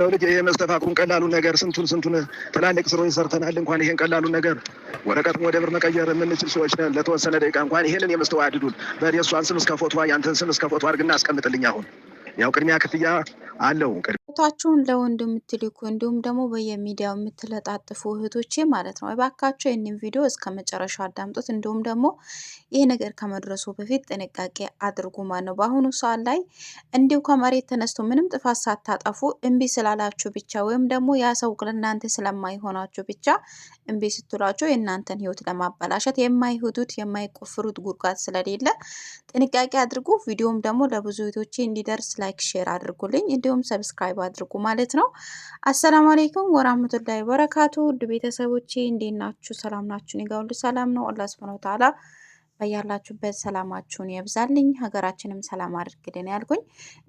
ነው ልጅ ይሄ መስተፋቅሩን ቀላሉ ነገር ስንቱን ስንቱን ትላልቅ ስሮ ይሰርተናል። እንኳን ይሄን ቀላሉ ነገር ወረቀት ወደ ብር መቀየር የምንችል ሰዎች ነን። ለተወሰነ ደቂቃ እንኳን ይሄንን የመስተዋድዱን በእሷን ስም እስከ ፎቶዋ ያንተን ስም እስከ ፎቶ አድርግና አስቀምጥልኝ። አሁን ያው ቅድሚያ ክፍያ አለው። ፎቶአችሁን ለወንድ የምትልኩ እንዲሁም ደግሞ በየሚዲያው የምትለጣጥፉ እህቶቼ ማለት ነው፣ እባካቸው ይህንን ቪዲዮ እስከ መጨረሻው አዳምጡት። እንዲሁም ደግሞ ይህ ነገር ከመድረሱ በፊት ጥንቃቄ አድርጉ ማለት ነው። በአሁኑ ሰዓት ላይ እንዲሁ ከመሬት ተነስቶ ምንም ጥፋት ሳታጠፉ እምቢ ስላላችሁ ብቻ ወይም ደግሞ ያ ሰው ለእናንተ ስለማይሆናችሁ ብቻ እምቢ ስትሏቸው የእናንተን ህይወት ለማበላሸት የማይሄዱት የማይቆፍሩት ጉድጓድ ስለሌለ ጥንቃቄ አድርጉ። ቪዲዮም ደግሞ ለብዙ እህቶቼ እንዲደርስ ላይክ፣ ሼር አድርጉልኝ እንዲሁም ሰብስክራይብ አድርጉ ማለት ነው። አሰላሙ አሌይኩም ወራህመቱላሂ ወበረካቱ ውድ ቤተሰቦቼ እንዴት ናችሁ? ሰላም ናችሁን? እኔ ጋ ሁሉ ሰላም ነው። አላህ ሱብሃነሁ ወተዓላ በያላችሁበት ሰላማችሁን ያብዛልኝ፣ ሀገራችንም ሰላም አድርግልን ያልኩኝ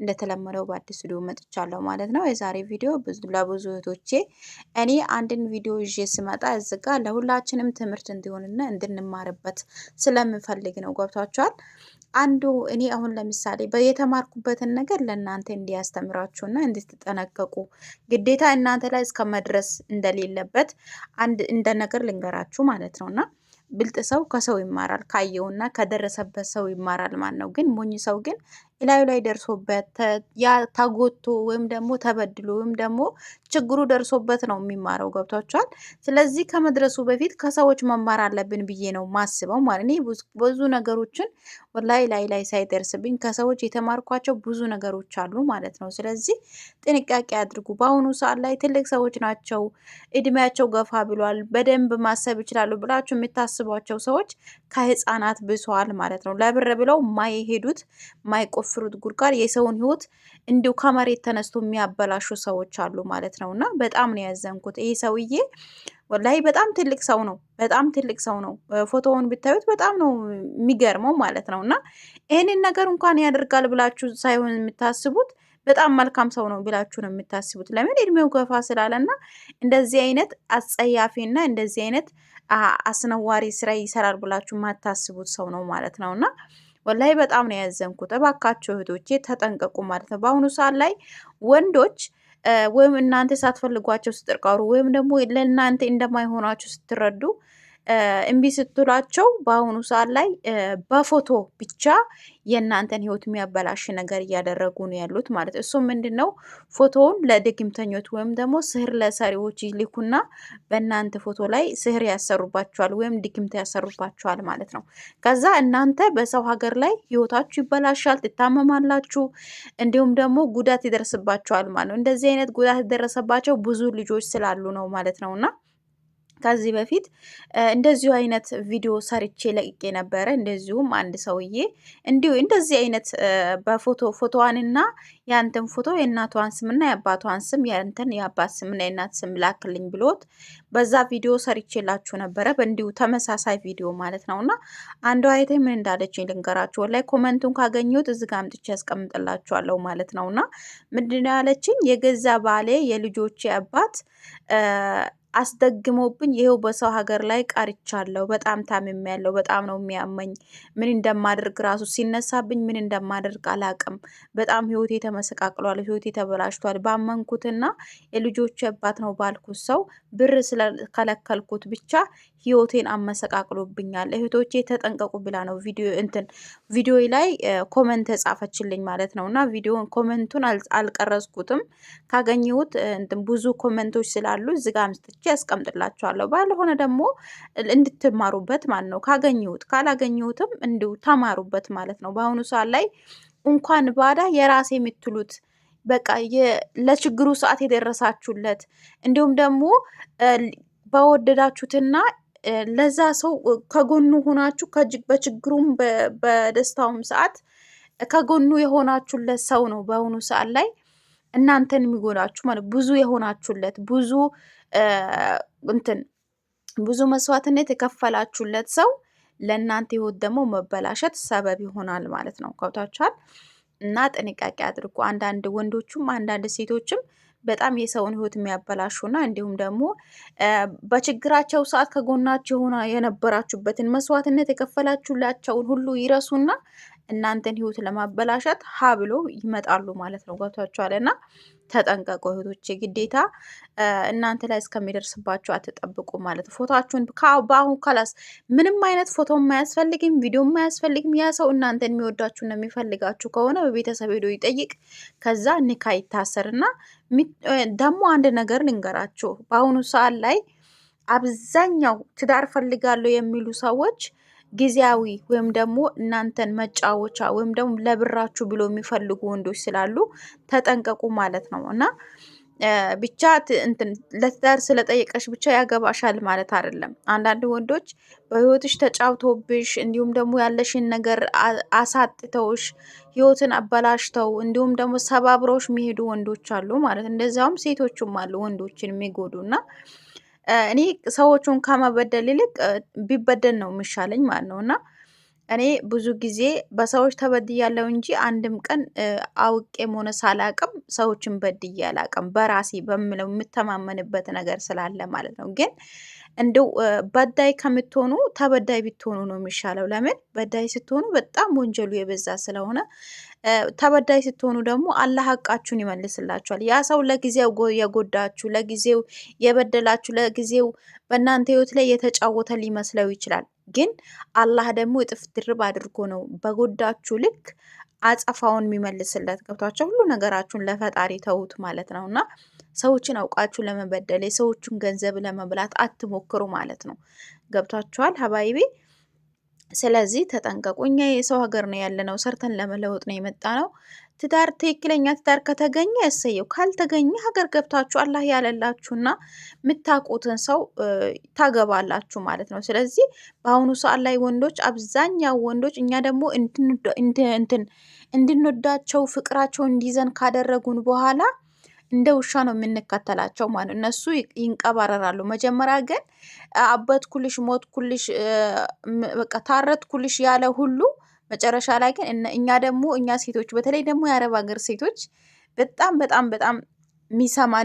እንደተለመደው በአዲስ ቪዲዮ መጥቻለሁ ማለት ነው። የዛሬ ቪዲዮ ለብዙ እህቶቼ እኔ አንድን ቪዲዮ ይዤ ስመጣ እዝጋ ለሁላችንም ትምህርት እንዲሆንና እንድንማርበት ስለምፈልግ ነው። ገብቷችኋል? አንዱ እኔ አሁን ለምሳሌ የተማርኩበትን ነገር ለእናንተ እና እንድትጠነቀቁ ግዴታ እናንተ ላይ እስከ መድረስ እንደሌለበት አንድ እንደ ነገር ልንገራችሁ ማለት ነው እና ብልጥ ሰው ከሰው ይማራል፣ ካየውና ከደረሰበት ሰው ይማራል ማለት ነው። ግን ሞኝ ሰው ግን እላዩ ላይ ደርሶበት ያ ተጎቶ ወይም ደግሞ ተበድሎ ወይም ደግሞ ችግሩ ደርሶበት ነው የሚማረው። ገብቷቸዋል። ስለዚህ ከመድረሱ በፊት ከሰዎች መማር አለብን ብዬ ነው ማስበው። ማለት እኔ ብዙ ነገሮችን ላይ ላይ ላይ ሳይደርስብኝ ከሰዎች የተማርኳቸው ብዙ ነገሮች አሉ ማለት ነው። ስለዚህ ጥንቃቄ አድርጉ። በአሁኑ ሰዓት ላይ ትልቅ ሰዎች ናቸው፣ እድሜያቸው ገፋ ብሏል፣ በደንብ ማሰብ ይችላሉ ብላችሁ የምታስቧቸው ሰዎች ከህፃናት ብሰዋል ማለት ነው። ለብር ብለው ማይሄዱት ማይቆ በሚቆፍሩት ጉድጓድ የሰውን ህይወት እንዲሁ ከመሬት ተነስቶ የሚያበላሹ ሰዎች አሉ ማለት ነው። እና በጣም ነው ያዘንኩት። ይህ ሰውዬ ወላሂ በጣም ትልቅ ሰው ነው። በጣም ትልቅ ሰው ነው። ፎቶውን ብታዩት በጣም ነው የሚገርመው ማለት ነው። እና ይህንን ነገር እንኳን ያደርጋል ብላችሁ ሳይሆን የምታስቡት በጣም መልካም ሰው ነው ብላችሁ ነው የምታስቡት። ለምን እድሜው ገፋ ስላለና እንደዚህ አይነት አጸያፊና እንደዚህ አይነት አስነዋሪ ስራ ይሰራል ብላችሁ የማታስቡት ሰው ነው ማለት ነው እና ወላሂ በጣም ነው ያዘንኩት። እባካችሁ እህቶቼ ተጠንቀቁ ማለት ነው። በአሁኑ ሰዓት ላይ ወንዶች ወይም እናንተ ሳትፈልጓቸው ስትቀሩ ወይም ደግሞ ለእናንተ እንደማይሆናችሁ ስትረዱ እምቢ ስትሏቸው በአሁኑ ሰዓት ላይ በፎቶ ብቻ የእናንተን ህይወት የሚያበላሽ ነገር እያደረጉ ነው ያሉት ማለት እሱ እሱም ምንድን ነው? ፎቶውን ለድግምተኞች ወይም ደግሞ ስህር ለሰሪዎች ይልኩና በእናንተ ፎቶ ላይ ስህር ያሰሩባቸዋል ወይም ድግምት ያሰሩባቸዋል ማለት ነው። ከዛ እናንተ በሰው ሀገር ላይ ህይወታችሁ ይበላሻል፣ ትታመማላችሁ፣ እንዲሁም ደግሞ ጉዳት ይደርስባቸዋል ማለት ነው። እንደዚህ አይነት ጉዳት የደረሰባቸው ብዙ ልጆች ስላሉ ነው ማለት ነው እና ከዚህ በፊት እንደዚሁ አይነት ቪዲዮ ሰርቼ ለቅቄ ነበረ። እንደዚሁም አንድ ሰውዬ እንዲሁ እንደዚህ አይነት በፎቶ ፎቶዋንና የአንተን ፎቶ የእናቷን ስምና የአባቷን ስም ያንተን የአባት ስምና የእናት ስም ላክልኝ ብሎት በዛ ቪዲዮ ሰርቼላችሁ ነበረ። በእንዲሁ ተመሳሳይ ቪዲዮ ማለት ነው እና አንዱ አይቴ ምን እንዳለችኝ ልንገራችሁ። ወላሂ ኮመንቱን ካገኘሁት እዚ ጋ አምጥቼ ያስቀምጥላችኋለሁ ማለት ነው እና ምንድን ያለችኝ የገዛ ባሌ የልጆቼ አባት አስደግሞብኝ ይሄው በሰው ሀገር ላይ ቀርቻለሁ። በጣም ታምም ያለው በጣም ነው የሚያመኝ። ምን እንደማደርግ ራሱ ሲነሳብኝ ምን እንደማደርግ አላቅም። በጣም ህይወቴ ተመሰቃቅሏል። ህይወቴ ተበላሽቷል። ባመንኩትና የልጆች አባት ነው ባልኩት ሰው ብር ስለከለከልኩት ብቻ ህይወቴን አመሰቃቅሎብኛል። እህቶቼ ተጠንቀቁ ብላ ነው ቪዲዮ እንትን ቪዲዮ ላይ ኮመንት ተጻፈችልኝ ማለት ነው። እና ቪዲዮ ኮመንቱን አልቀረጽኩትም። ካገኘሁት ብዙ ኮመንቶች ስላሉ ዝጋ አምስትች ያስቀምጥላችኋለሁ። ባልሆነ ደግሞ እንድትማሩበት ማለት ነው። ካገኘሁት ካላገኘሁትም እንዲሁ ተማሩበት ማለት ነው። በአሁኑ ሰዓት ላይ እንኳን ባዳ የራሴ የምትሉት በቃ ለችግሩ ሰዓት የደረሳችሁለት እንዲሁም ደግሞ በወደዳችሁትና ለዛ ሰው ከጎኑ ሆናችሁ በችግሩም በደስታውም ሰዓት ከጎኑ የሆናችሁለት ሰው ነው በአሁኑ ሰዓት ላይ እናንተን የሚጎዳችሁ ማለት ብዙ የሆናችሁለት ብዙ እንትን ብዙ መስዋዕትነት የከፈላችሁለት ሰው ለእናንተ ህይወት ደግሞ መበላሸት ሰበብ ይሆናል ማለት ነው። ከብታችኋል እና ጥንቃቄ አድርጉ። አንዳንድ ወንዶችም አንዳንድ ሴቶችም በጣም የሰውን ህይወት የሚያበላሹና እንዲሁም ደግሞ በችግራቸው ሰዓት ከጎናቸው የሆነ የነበራችሁበትን መስዋዕትነት የከፈላችሁላቸውን ሁሉ ይረሱና እናንተን ህይወት ለማበላሸት ሀ ብሎ ይመጣሉ ማለት ነው። ገብቷችኋልና ተጠንቀቁ እህቶቼ። ግዴታ እናንተ ላይ እስከሚደርስባቸው አትጠብቁ ማለት ነው። ፎቶችሁን በአሁን ከላስ ምንም አይነት ፎቶ አያስፈልግም፣ ቪዲዮ አያስፈልግም። ያ ሰው እናንተን የሚወዳችሁና የሚፈልጋችሁ ከሆነ በቤተሰብ ሄዶ ይጠይቅ። ከዛ ይታሰር ይታሰርና ደግሞ አንድ ነገር ልንገራችሁ በአሁኑ ሰዓት ላይ አብዛኛው ትዳር ፈልጋለሁ የሚሉ ሰዎች ጊዜያዊ ወይም ደግሞ እናንተን መጫወቻ ወይም ደግሞ ለብራችሁ ብሎ የሚፈልጉ ወንዶች ስላሉ ተጠንቀቁ ማለት ነው እና ብቻ እንትን ለትዳር ስለጠየቀሽ ብቻ ያገባሻል ማለት አይደለም። አንዳንድ ወንዶች በህይወትሽ ተጫውቶብሽ እንዲሁም ደግሞ ያለሽን ነገር አሳጥተውሽ ህይወትን አበላሽተው እንዲሁም ደግሞ ሰባብረውሽ የሚሄዱ ወንዶች አሉ ማለት እንደዚያውም ሴቶችም አሉ ወንዶችን የሚጎዱ እና እኔ ሰዎቹን ከመበደል ይልቅ ቢበደል ነው የሚሻለኝ ማለት ነው እና እኔ ብዙ ጊዜ በሰዎች ተበድያለሁ እንጂ አንድም ቀን አውቄም ሆነ ሳላቅም ሰዎችን በድዬ አላቅም። በራሴ በምለው የምተማመንበት ነገር ስላለ ማለት ነው። ግን እንደው በዳይ ከምትሆኑ ተበዳይ ብትሆኑ ነው የሚሻለው። ለምን በዳይ ስትሆኑ በጣም ወንጀሉ የበዛ ስለሆነ ተበዳይ ስትሆኑ ደግሞ አላህ ሀቃችሁን ይመልስላችኋል። ያ ሰው ለጊዜው የጎዳችሁ፣ ለጊዜው የበደላችሁ፣ ለጊዜው በእናንተ ህይወት ላይ የተጫወተ ሊመስለው ይችላል። ግን አላህ ደግሞ እጥፍ ድርብ አድርጎ ነው በጎዳችሁ ልክ አጸፋውን የሚመልስለት። ገብቷቸው ሁሉ ነገራችሁን ለፈጣሪ ተዉት ማለት ነው እና ሰዎችን አውቃችሁ ለመበደል የሰዎቹን ገንዘብ ለመብላት አትሞክሩ ማለት ነው። ገብቷችኋል ሀባይቤ ስለዚህ ተጠንቀቁ። እኛ የሰው ሀገር ነው ያለነው፣ ሰርተን ለመለወጥ ነው የመጣ ነው። ትዳር ትክክለኛ ትዳር ከተገኘ ያሰየው፣ ካልተገኘ ሀገር ገብታችሁ አላህ ያለላችሁና የምታውቁትን ሰው ታገባላችሁ ማለት ነው። ስለዚህ በአሁኑ ሰዓት ላይ ወንዶች አብዛኛው ወንዶች እኛ ደግሞ እንድንወዳቸው ፍቅራቸው እንዲዘን ካደረጉን በኋላ እንደ ውሻ ነው የምንከተላቸው ማለት ነው። እነሱ ይንቀባረራሉ። መጀመሪያ ግን አበትኩልሽ፣ ሞትኩልሽ፣ በቃ ታረትኩልሽ ያለ ሁሉ መጨረሻ ላይ ግን እኛ ደግሞ እኛ ሴቶች በተለይ ደግሞ የአረብ ሀገር ሴቶች በጣም በጣም በጣም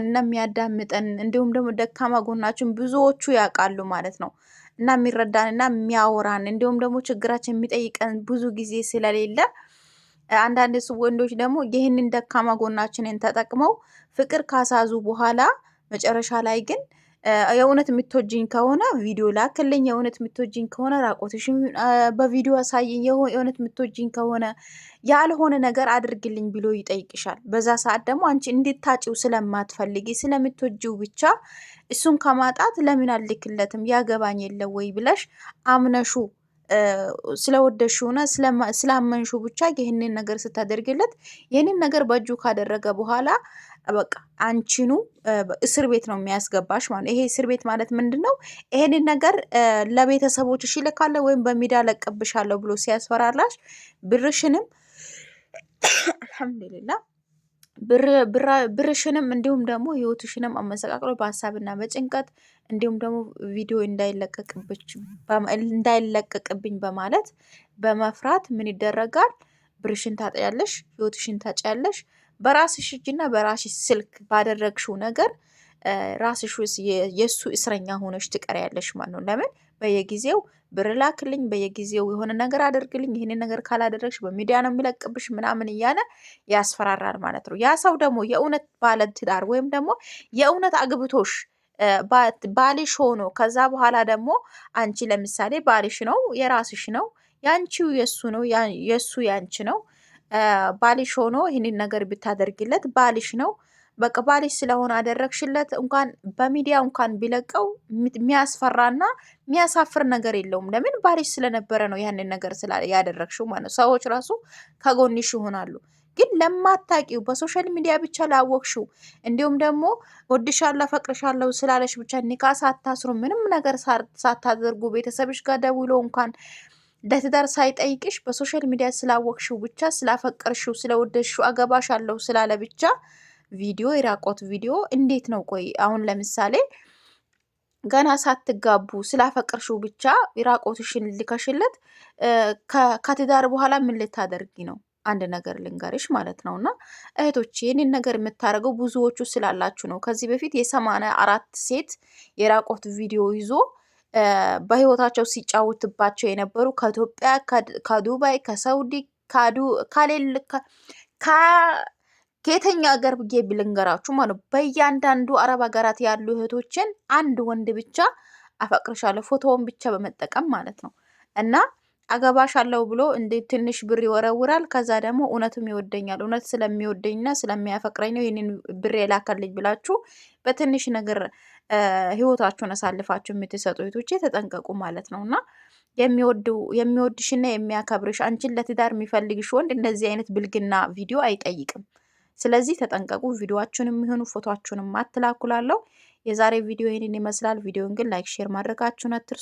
እና የሚያዳምጠን እንዲሁም ደግሞ ደካማ ጎናችን ብዙዎቹ ያውቃሉ ማለት ነው እና የሚረዳንና የሚያወራን እንዲሁም ደግሞ ችግራችን የሚጠይቀን ብዙ ጊዜ ስለሌለ አንዳንድ ወንዶች ደግሞ ይህንን ደካማ ጎናችንን ተጠቅመው ፍቅር ካሳዙ በኋላ መጨረሻ ላይ ግን የእውነት የምትወጅኝ ከሆነ ቪዲዮ ላክልኝ፣ የእውነት የምትወጅኝ ከሆነ ራቆትሽ በቪዲዮ አሳይኝ፣ የእውነት የምትወጅኝ ከሆነ ያልሆነ ነገር አድርግልኝ ብሎ ይጠይቅሻል። በዛ ሰዓት ደግሞ አንቺ እንድታጪው ስለማትፈልጊ ስለምትወጂው ብቻ እሱን ከማጣት ለምን አልልክለትም ያገባኝ የለ ወይ ብለሽ አምነሹ ስለወደሹ ሆነ ስላመንሹ ብቻ ይህንን ነገር ስታደርግለት ይህንን ነገር በእጁ ካደረገ በኋላ በቃ አንቺኑ እስር ቤት ነው የሚያስገባሽ ማለት ነው። ይሄ እስር ቤት ማለት ምንድን ነው? ይሄንን ነገር ለቤተሰቦችሽ ይልካለሁ ወይም በሚዲያ ለቀብሻለሁ ብሎ ሲያስፈራራሽ ብርሽንም አልሐምዱሊላህ ብርሽንም እንዲሁም ደግሞ ህይወትሽንም አመሰቃቅሎ በሀሳብና በጭንቀት እንዲሁም ደግሞ ቪዲዮ እንዳይለቀቅብኝ በማለት በመፍራት ምን ይደረጋል? ብርሽን ታጠያለሽ፣ ህይወትሽን ታጫያለሽ። በራስሽ እጅና በራስሽ ስልክ ባደረግሽው ነገር ራስሽ የእሱ እስረኛ ሆነሽ ትቀሪያለሽ ማለት ነው። ለምን በየጊዜው ብር ላክልኝ፣ በየጊዜው የሆነ ነገር አድርግልኝ፣ ይህን ነገር ካላደረግሽ በሚዲያ ነው የሚለቅብሽ ምናምን እያለ ያስፈራራል ማለት ነው። ያ ሰው ደግሞ የእውነት ባለ ትዳር ወይም ደግሞ የእውነት አግብቶሽ ባልሽ ሆኖ ከዛ በኋላ ደግሞ አንቺ ለምሳሌ ባልሽ ነው የራስሽ ነው ያንቺው የሱ ነው የሱ ያንቺ ነው ባልሽ ሆኖ ይህንን ነገር ብታደርግለት ባልሽ ነው በቃ ባልሽ ስለሆነ አደረግሽለት እንኳን በሚዲያ እንኳን ቢለቀው የሚያስፈራና የሚያሳፍር ነገር የለውም። ለምን ባልሽ ስለነበረ ነው ያንን ነገር ያደረግሽው ማለት ነው። ሰዎች ራሱ ከጎንሽ ይሆናሉ። ግን ለማታቂው በሶሻል ሚዲያ ብቻ ላወቅሽው፣ እንዲሁም ደግሞ ወድሻለሁ፣ ፈቅርሻለሁ ስላለሽ ብቻ ኒካ ሳታስሩ ምንም ነገር ሳታደርጉ ቤተሰብሽ ጋር ደውሎ እንኳን ለትዳር ሳይጠይቅሽ በሶሻል ሚዲያ ስላወቅሽው ብቻ ስላፈቀርሽው ስለወደሽው አገባሽ አለው ስላለ ብቻ ቪዲዮ የራቆት ቪዲዮ እንዴት ነው? ቆይ አሁን ለምሳሌ ገና ሳትጋቡ ስላፈቅርሽው ብቻ የራቆትሽን ልከሽለት ከትዳር በኋላ ምን ልታደርጊ ነው? አንድ ነገር ልንገርሽ ማለት ነው እና እህቶች ይህንን ነገር የምታደርገው ብዙዎቹ ስላላችሁ ነው። ከዚህ በፊት የሰማንያ አራት ሴት የራቆት ቪዲዮ ይዞ በህይወታቸው ሲጫወትባቸው የነበሩ ከኢትዮጵያ፣ ከዱባይ፣ ከሳውዲ ካሌል ከየተኛ ሀገር ብዬ ብልንገራችሁ ማለት ነው። በእያንዳንዱ አረብ ሀገራት ያሉ እህቶችን አንድ ወንድ ብቻ አፈቅርሻለሁ ፎቶውን ብቻ በመጠቀም ማለት ነው እና አገባሽ አለው ብሎ እንደ ትንሽ ብር ይወረውራል። ከዛ ደግሞ እውነትም ይወደኛል እውነት ስለሚወደኝና ስለሚያፈቅረኝ ነው ይህንን ብር የላከልኝ ብላችሁ በትንሽ ነገር ህይወታችሁን አሳልፋችሁ የምትሰጡ እህቶቼ ተጠንቀቁ ማለት ነው እና የሚወድሽና የሚያከብርሽ አንቺን ለትዳር የሚፈልግሽ ወንድ እንደዚህ አይነት ብልግና ቪዲዮ አይጠይቅም። ስለዚህ ተጠንቀቁ። ቪዲዮችሁንም የሚሆኑ ፎቶችሁንም አትላኩላለሁ። የዛሬ ቪዲዮ ይህንን ይመስላል። ቪዲዮን ግን ላይክ፣ ሼር ማድረጋችሁን አትርሱ።